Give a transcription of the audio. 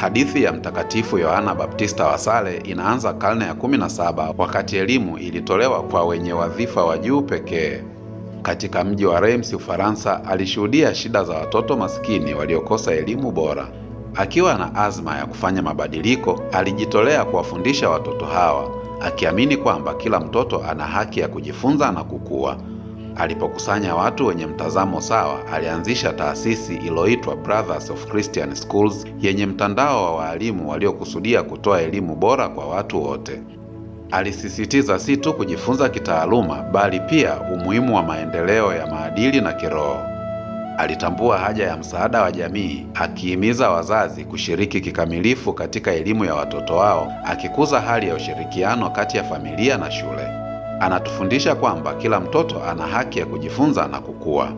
Hadithi ya Mtakatifu Yohana Baptista wa Sale inaanza karne ya 17 wakati elimu ilitolewa kwa wenye wadhifa wa juu pekee. Katika mji wa Reims, Ufaransa, alishuhudia shida za watoto maskini waliokosa elimu bora. Akiwa na azma ya kufanya mabadiliko, alijitolea kuwafundisha watoto hawa, akiamini kwamba kila mtoto ana haki ya kujifunza na kukua. Alipokusanya watu wenye mtazamo sawa, alianzisha taasisi iloitwa Brothers of Christian Schools yenye mtandao wa waalimu waliokusudia kutoa elimu bora kwa watu wote. Alisisitiza si tu kujifunza kitaaluma, bali pia umuhimu wa maendeleo ya maadili na kiroho. Alitambua haja ya msaada wa jamii, akihimiza wazazi kushiriki kikamilifu katika elimu ya watoto wao, akikuza hali ya ushirikiano kati ya familia na shule anatufundisha kwamba kila mtoto ana haki ya kujifunza na kukua.